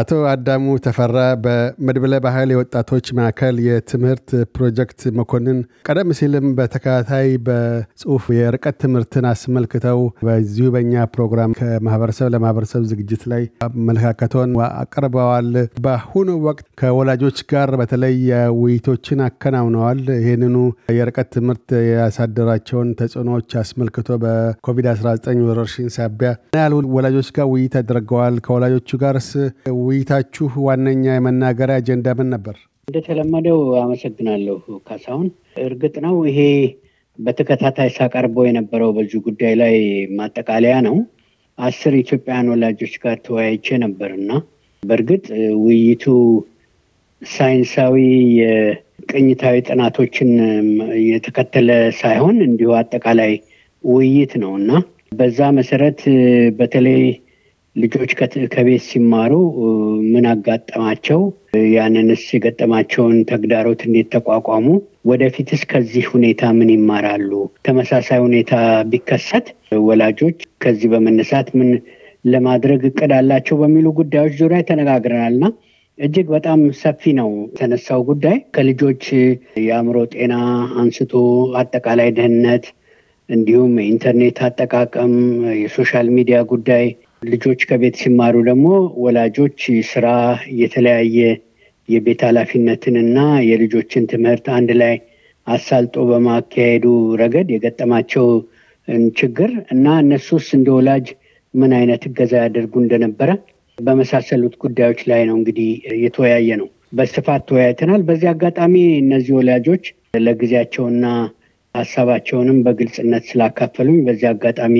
አቶ አዳሙ ተፈራ በመድብለ ባህል የወጣቶች ማዕከል የትምህርት ፕሮጀክት መኮንን፣ ቀደም ሲልም በተከታታይ በጽሁፍ የርቀት ትምህርትን አስመልክተው በዚሁ በኛ ፕሮግራም ከማህበረሰብ ለማህበረሰብ ዝግጅት ላይ አመለካከቶን አቅርበዋል። በአሁኑ ወቅት ከወላጆች ጋር በተለይ ውይይቶችን አከናውነዋል። ይህንኑ የርቀት ትምህርት ያሳደራቸውን ተጽዕኖዎች አስመልክቶ በኮቪድ-19 ወረርሽኝ ሳቢያ ምን ወላጆች ጋር ውይይት አድርገዋል? ከወላጆቹ ጋርስ ውይይታችሁ ዋነኛ የመናገሪያ አጀንዳ ምን ነበር? እንደተለመደው አመሰግናለሁ ካሳሁን። እርግጥ ነው ይሄ በተከታታይ ሳቀርበው የነበረው በዚህ ጉዳይ ላይ ማጠቃለያ ነው። አስር ኢትዮጵያውያን ወላጆች ጋር ተወያይቼ ነበር እና በእርግጥ ውይይቱ ሳይንሳዊ የቅኝታዊ ጥናቶችን የተከተለ ሳይሆን እንዲሁ አጠቃላይ ውይይት ነው እና በዛ መሰረት በተለይ ልጆች ከቤት ሲማሩ ምን አጋጠማቸው? ያንንስ የገጠማቸውን ተግዳሮት እንዴት ተቋቋሙ? ወደፊትስ ከዚህ ሁኔታ ምን ይማራሉ? ተመሳሳይ ሁኔታ ቢከሰት ወላጆች ከዚህ በመነሳት ምን ለማድረግ እቅድ አላቸው በሚሉ ጉዳዮች ዙሪያ ተነጋግረናል እጅግ በጣም ሰፊ ነው የተነሳው ጉዳይ ከልጆች የአእምሮ ጤና አንስቶ አጠቃላይ ደህንነት፣ እንዲሁም የኢንተርኔት አጠቃቀም፣ የሶሻል ሚዲያ ጉዳይ ልጆች ከቤት ሲማሩ ደግሞ ወላጆች ስራ፣ የተለያየ የቤት ኃላፊነትንና የልጆችን ትምህርት አንድ ላይ አሳልጦ በማካሄዱ ረገድ የገጠማቸው ችግር እና እነሱስ እንደ ወላጅ ምን አይነት እገዛ ያደርጉ እንደነበረ በመሳሰሉት ጉዳዮች ላይ ነው እንግዲህ የተወያየ ነው። በስፋት ተወያይተናል። በዚህ አጋጣሚ እነዚህ ወላጆች ለጊዜያቸውና ሀሳባቸውንም በግልጽነት ስላካፈሉኝ በዚህ አጋጣሚ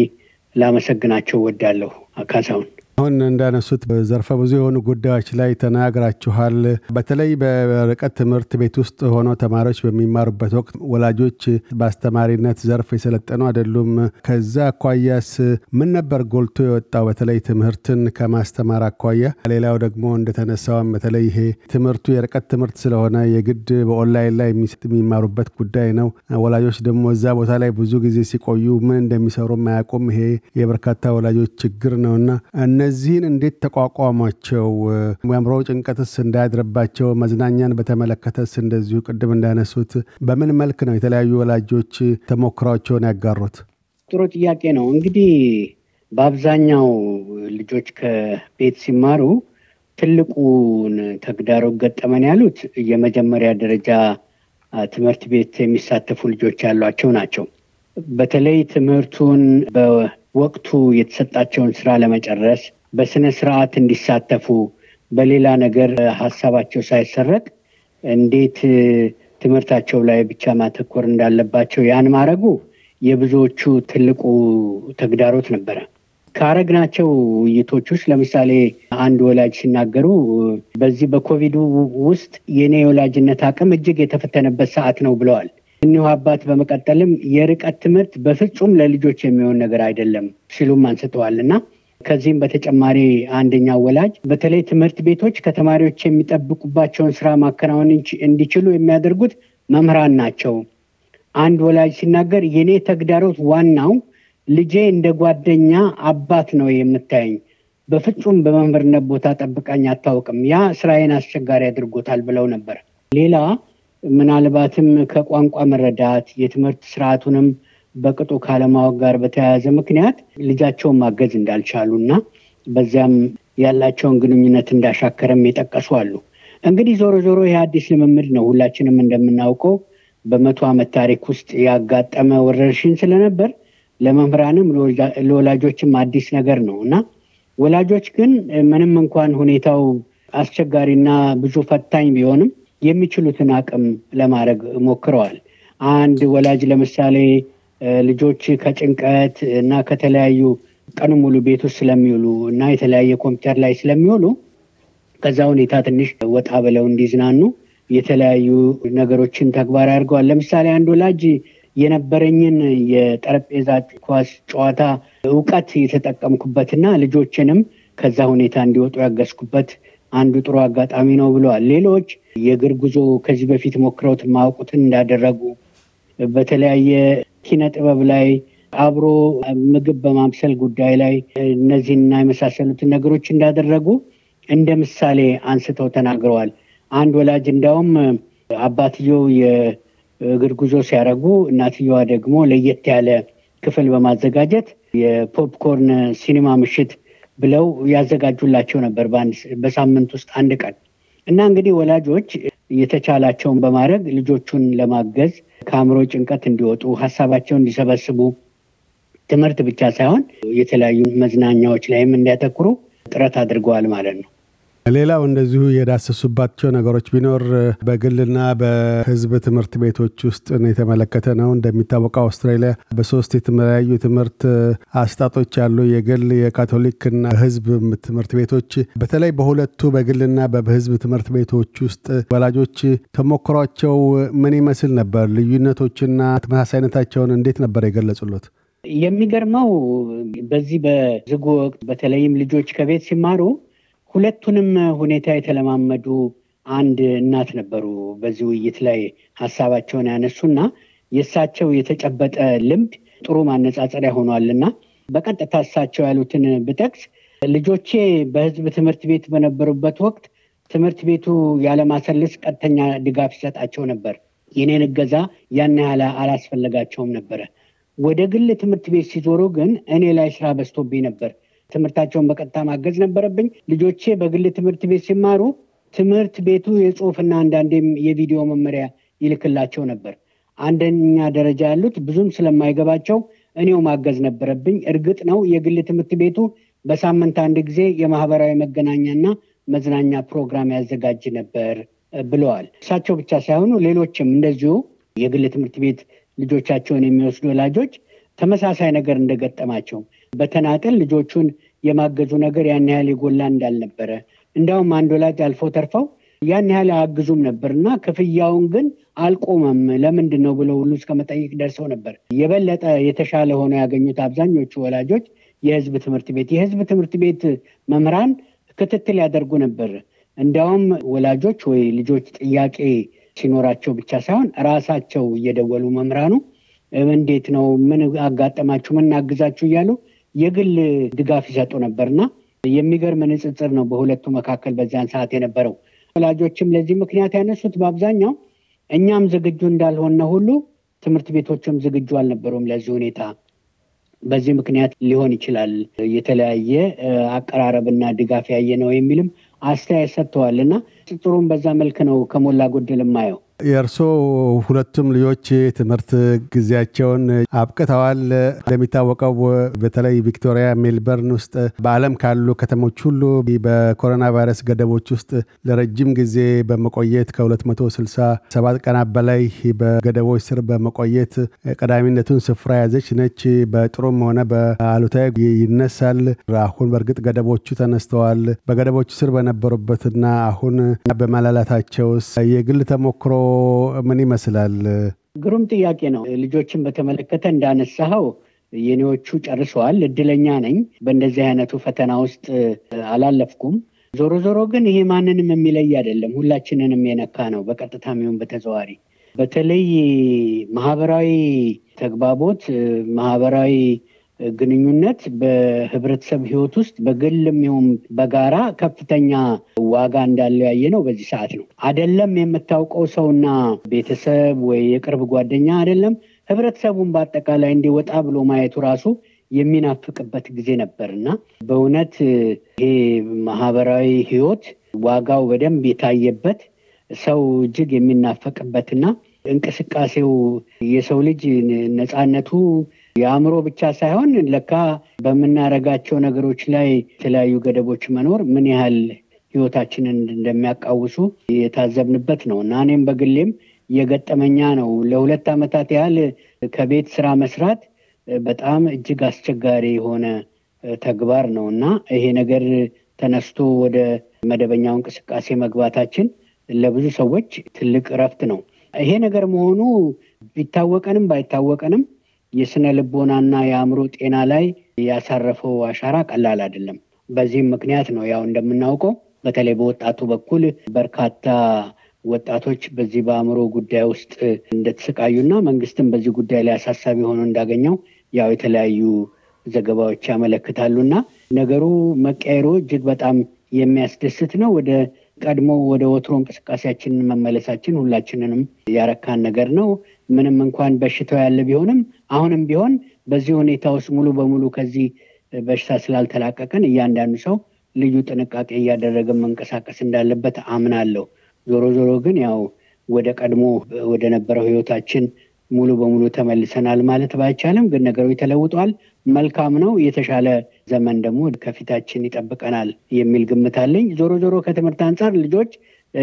ላመሰግናቸው ወዳለሁ ካሳሁን። አሁን እንዳነሱት ዘርፈ ብዙ የሆኑ ጉዳዮች ላይ ተናግራችኋል። በተለይ በርቀት ትምህርት ቤት ውስጥ ሆኖ ተማሪዎች በሚማሩበት ወቅት ወላጆች በአስተማሪነት ዘርፍ የሰለጠኑ አይደሉም። ከዛ አኳያስ ምን ነበር ጎልቶ የወጣው? በተለይ ትምህርትን ከማስተማር አኳያ። ሌላው ደግሞ እንደተነሳውም በተለይ ይሄ ትምህርቱ የርቀት ትምህርት ስለሆነ የግድ በኦንላይን ላይ የሚማሩበት ጉዳይ ነው። ወላጆች ደግሞ እዛ ቦታ ላይ ብዙ ጊዜ ሲቆዩ ምን እንደሚሰሩም አያውቁም። ይሄ የበርካታ ወላጆች ችግር ነውና እነ እነዚህን እንዴት ተቋቋሟቸው? የአእምሮ ጭንቀትስ እንዳያድርባቸው፣ መዝናኛን በተመለከተስ እንደዚሁ ቅድም እንዳነሱት በምን መልክ ነው የተለያዩ ወላጆች ተሞክሯቸውን ያጋሩት? ጥሩ ጥያቄ ነው። እንግዲህ በአብዛኛው ልጆች ከቤት ሲማሩ ትልቁን ተግዳሮ ገጠመን ያሉት የመጀመሪያ ደረጃ ትምህርት ቤት የሚሳተፉ ልጆች ያሏቸው ናቸው። በተለይ ትምህርቱን በወቅቱ የተሰጣቸውን ስራ ለመጨረስ በስነ ስርዓት እንዲሳተፉ በሌላ ነገር ሀሳባቸው ሳይሰረቅ እንዴት ትምህርታቸው ላይ ብቻ ማተኮር እንዳለባቸው ያን ማድረጉ የብዙዎቹ ትልቁ ተግዳሮት ነበረ። ካረግናቸው ውይይቶች ውስጥ ለምሳሌ አንድ ወላጅ ሲናገሩ በዚህ በኮቪዱ ውስጥ የኔ የወላጅነት አቅም እጅግ የተፈተነበት ሰዓት ነው ብለዋል። እኒሁ አባት በመቀጠልም የርቀት ትምህርት በፍጹም ለልጆች የሚሆን ነገር አይደለም ሲሉም አንስተዋል እና ከዚህም በተጨማሪ አንደኛ ወላጅ በተለይ ትምህርት ቤቶች ከተማሪዎች የሚጠብቁባቸውን ስራ ማከናወን እንዲችሉ የሚያደርጉት መምህራን ናቸው። አንድ ወላጅ ሲናገር የኔ ተግዳሮት ዋናው ልጄ እንደ ጓደኛ አባት ነው የምታየኝ፣ በፍጹም በመምህርነት ቦታ ጠብቃኝ አታውቅም። ያ ስራዬን አስቸጋሪ አድርጎታል ብለው ነበር። ሌላ ምናልባትም ከቋንቋ መረዳት የትምህርት ስርዓቱንም በቅጡ ካለማወቅ ጋር በተያያዘ ምክንያት ልጃቸውን ማገዝ እንዳልቻሉ እና በዚያም ያላቸውን ግንኙነት እንዳሻከረም የጠቀሱ አሉ። እንግዲህ ዞሮ ዞሮ ይህ አዲስ ልምምድ ነው። ሁላችንም እንደምናውቀው በመቶ ዓመት ታሪክ ውስጥ ያጋጠመ ወረርሽኝ ስለነበር ለመምህራንም ለወላጆችም አዲስ ነገር ነው እና ወላጆች ግን ምንም እንኳን ሁኔታው አስቸጋሪና ብዙ ፈታኝ ቢሆንም የሚችሉትን አቅም ለማድረግ ሞክረዋል። አንድ ወላጅ ለምሳሌ ልጆች ከጭንቀት እና ከተለያዩ ቀን ሙሉ ቤት ውስጥ ስለሚውሉ እና የተለያየ ኮምፒውተር ላይ ስለሚውሉ ከዛ ሁኔታ ትንሽ ወጣ ብለው እንዲዝናኑ የተለያዩ ነገሮችን ተግባር አድርገዋል። ለምሳሌ አንድ ወላጅ የነበረኝን የጠረጴዛ ኳስ ጨዋታ እውቀት የተጠቀምኩበትና ልጆችንም ከዛ ሁኔታ እንዲወጡ ያገዝኩበት አንዱ ጥሩ አጋጣሚ ነው ብለዋል። ሌሎች የእግር ጉዞ ከዚህ በፊት ሞክረውት ማውቁትን እንዳደረጉ በተለያየ ኪነ ጥበብ ላይ አብሮ ምግብ በማብሰል ጉዳይ ላይ እነዚህና የመሳሰሉትን ነገሮች እንዳደረጉ እንደ ምሳሌ አንስተው ተናግረዋል። አንድ ወላጅ እንዳውም አባትየው የእግር ጉዞ ሲያደርጉ እናትየዋ ደግሞ ለየት ያለ ክፍል በማዘጋጀት የፖፕኮርን ሲኒማ ምሽት ብለው ያዘጋጁላቸው ነበር በሳምንት ውስጥ አንድ ቀን እና እንግዲህ ወላጆች የተቻላቸውን በማድረግ ልጆቹን ለማገዝ ከአእምሮ ጭንቀት እንዲወጡ ሀሳባቸውን እንዲሰበስቡ ትምህርት ብቻ ሳይሆን የተለያዩ መዝናኛዎች ላይም እንዲያተኩሩ ጥረት አድርገዋል ማለት ነው። ሌላው እንደዚሁ የዳሰሱባቸው ነገሮች ቢኖር በግልና በህዝብ ትምህርት ቤቶች ውስጥ የተመለከተ ነው። እንደሚታወቀው አውስትራሊያ በሶስት የተለያዩ ትምህርት አስጣጦች ያሉ የግል የካቶሊክና ህዝብ ትምህርት ቤቶች በተለይ በሁለቱ በግልና በህዝብ ትምህርት ቤቶች ውስጥ ወላጆች ተሞክሯቸው ምን ይመስል ነበር? ልዩነቶችና ተመሳሳይነታቸውን እንዴት ነበር የገለጹሉት? የሚገርመው በዚህ በዝግ ወቅት በተለይም ልጆች ከቤት ሲማሩ ሁለቱንም ሁኔታ የተለማመዱ አንድ እናት ነበሩ። በዚህ ውይይት ላይ ሀሳባቸውን ያነሱና የእሳቸው የተጨበጠ ልምድ ጥሩ ማነጻጸሪያ ሆኗልና በቀጥታ እሳቸው ያሉትን ብጠቅስ ልጆቼ በህዝብ ትምህርት ቤት በነበሩበት ወቅት ትምህርት ቤቱ ያለማሰልስ ቀጥተኛ ድጋፍ ይሰጣቸው ነበር። የኔን እገዛ ያን ያህል አላስፈለጋቸውም ነበረ። ወደ ግል ትምህርት ቤት ሲዞሩ ግን እኔ ላይ ስራ በስቶብኝ ነበር። ትምህርታቸውን በቀጥታ ማገዝ ነበረብኝ። ልጆቼ በግል ትምህርት ቤት ሲማሩ ትምህርት ቤቱ የጽሁፍና አንዳንዴም የቪዲዮ መመሪያ ይልክላቸው ነበር። አንደኛ ደረጃ ያሉት ብዙም ስለማይገባቸው እኔው ማገዝ ነበረብኝ። እርግጥ ነው የግል ትምህርት ቤቱ በሳምንት አንድ ጊዜ የማህበራዊ መገናኛና መዝናኛ ፕሮግራም ያዘጋጅ ነበር ብለዋል። እሳቸው ብቻ ሳይሆኑ ሌሎችም እንደዚሁ የግል ትምህርት ቤት ልጆቻቸውን የሚወስዱ ወላጆች ተመሳሳይ ነገር እንደገጠማቸው በተናጠል ልጆቹን የማገዙ ነገር ያን ያህል የጎላ እንዳልነበረ እንዲያውም አንድ ወላጅ አልፎ ተርፈው ያን ያህል አግዙም ነበር እና ክፍያውን ግን አልቆመም ለምንድን ነው ብለው ሁሉ እስከ ደርሰው ነበር። የበለጠ የተሻለ ሆነው ያገኙት አብዛኞቹ ወላጆች የህዝብ ትምህርት ቤት የህዝብ ትምህርት ቤት መምህራን ክትትል ያደርጉ ነበር። እንዲያውም ወላጆች ወይ ልጆች ጥያቄ ሲኖራቸው ብቻ ሳይሆን ራሳቸው እየደወሉ መምህራኑ እንዴት ነው ምን አጋጠማችሁ ምን አግዛችሁ እያሉ የግል ድጋፍ ይሰጡ ነበርና የሚገርም ንጽጽር ነው በሁለቱ መካከል በዚያን ሰዓት የነበረው። ወላጆችም ለዚህ ምክንያት ያነሱት በአብዛኛው እኛም ዝግጁ እንዳልሆነ ሁሉ ትምህርት ቤቶችም ዝግጁ አልነበሩም ለዚህ ሁኔታ። በዚህ ምክንያት ሊሆን ይችላል የተለያየ አቀራረብና ድጋፍ ያየ ነው የሚልም አስተያየት ሰጥተዋል እና ንጽጽሩን በዛ መልክ ነው ከሞላ ጎደል የማየው። የእርሶ ሁለቱም ልጆች ትምህርት ጊዜያቸውን አብቅተዋል። እንደሚታወቀው በተለይ ቪክቶሪያ፣ ሜልበርን ውስጥ በዓለም ካሉ ከተሞች ሁሉ በኮሮና ቫይረስ ገደቦች ውስጥ ለረጅም ጊዜ በመቆየት ከ267 ቀናት በላይ በገደቦች ስር በመቆየት ቀዳሚነቱን ስፍራ ያዘች ነች። በጥሩም ሆነ በአሉታዊ ይነሳል። አሁን በእርግጥ ገደቦቹ ተነስተዋል። በገደቦቹ ስር በነበሩበትና አሁን በመላላታቸውስ የግል ተሞክሮ ምን ይመስላል? ግሩም ጥያቄ ነው። ልጆችን በተመለከተ እንዳነሳኸው የኔዎቹ ጨርሰዋል። እድለኛ ነኝ። በእንደዚህ አይነቱ ፈተና ውስጥ አላለፍኩም። ዞሮ ዞሮ ግን ይሄ ማንንም የሚለይ አይደለም፣ ሁላችንንም የነካ ነው፣ በቀጥታ የሚሆን በተዘዋሪ በተለይ ማህበራዊ ተግባቦት ማህበራዊ ግንኙነት በህብረተሰብ ህይወት ውስጥ በግልም ይሁን በጋራ ከፍተኛ ዋጋ እንዳለው ነው በዚህ ሰዓት ነው። አደለም የምታውቀው ሰውና ቤተሰብ ወይ የቅርብ ጓደኛ አደለም ህብረተሰቡን በአጠቃላይ እንዲወጣ ብሎ ማየቱ ራሱ የሚናፍቅበት ጊዜ ነበር እና በእውነት ይሄ ማህበራዊ ህይወት ዋጋው በደንብ የታየበት ሰው እጅግ የሚናፈቅበትና እንቅስቃሴው የሰው ልጅ ነፃነቱ የአእምሮ ብቻ ሳይሆን ለካ በምናረጋቸው ነገሮች ላይ የተለያዩ ገደቦች መኖር ምን ያህል ህይወታችንን እንደሚያቃውሱ የታዘብንበት ነው እና እኔም በግሌም የገጠመኛ ነው። ለሁለት ዓመታት ያህል ከቤት ስራ መስራት በጣም እጅግ አስቸጋሪ የሆነ ተግባር ነው እና ይሄ ነገር ተነስቶ ወደ መደበኛው እንቅስቃሴ መግባታችን ለብዙ ሰዎች ትልቅ እረፍት ነው። ይሄ ነገር መሆኑ ቢታወቀንም ባይታወቀንም የስነ ልቦናና የአእምሮ ጤና ላይ ያሳረፈው አሻራ ቀላል አይደለም። በዚህም ምክንያት ነው ያው እንደምናውቀው በተለይ በወጣቱ በኩል በርካታ ወጣቶች በዚህ በአእምሮ ጉዳይ ውስጥ እንደተሰቃዩና መንግስትም በዚህ ጉዳይ ላይ አሳሳቢ ሆኖ እንዳገኘው ያው የተለያዩ ዘገባዎች ያመለክታሉና ነገሩ መቀየሩ እጅግ በጣም የሚያስደስት ነው። ወደ ቀድሞ ወደ ወትሮ እንቅስቃሴያችን መመለሳችን ሁላችንንም ያረካን ነገር ነው። ምንም እንኳን በሽታው ያለ ቢሆንም አሁንም ቢሆን በዚህ ሁኔታ ውስጥ ሙሉ በሙሉ ከዚህ በሽታ ስላልተላቀቅን እያንዳንዱ ሰው ልዩ ጥንቃቄ እያደረገ መንቀሳቀስ እንዳለበት አምናለሁ። ዞሮ ዞሮ ግን ያው ወደ ቀድሞ ወደ ነበረው ህይወታችን ሙሉ በሙሉ ተመልሰናል ማለት ባይቻልም ግን ነገሮች ተለውጧል። መልካም ነው። የተሻለ ዘመን ደግሞ ከፊታችን ይጠብቀናል የሚል ግምት አለኝ። ዞሮ ዞሮ ከትምህርት አንጻር ልጆች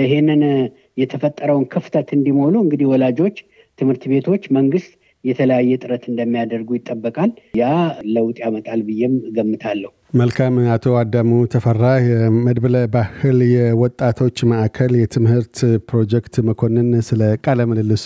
ይህንን የተፈጠረውን ክፍተት እንዲሞሉ እንግዲህ ወላጆች፣ ትምህርት ቤቶች፣ መንግስት የተለያየ ጥረት እንደሚያደርጉ ይጠበቃል። ያ ለውጥ ያመጣል ብዬም ገምታለሁ። መልካም። አቶ አዳሙ ተፈራ የመድብለ ባህል የወጣቶች ማዕከል የትምህርት ፕሮጀክት መኮንን ስለ ቃለ ምልልሱ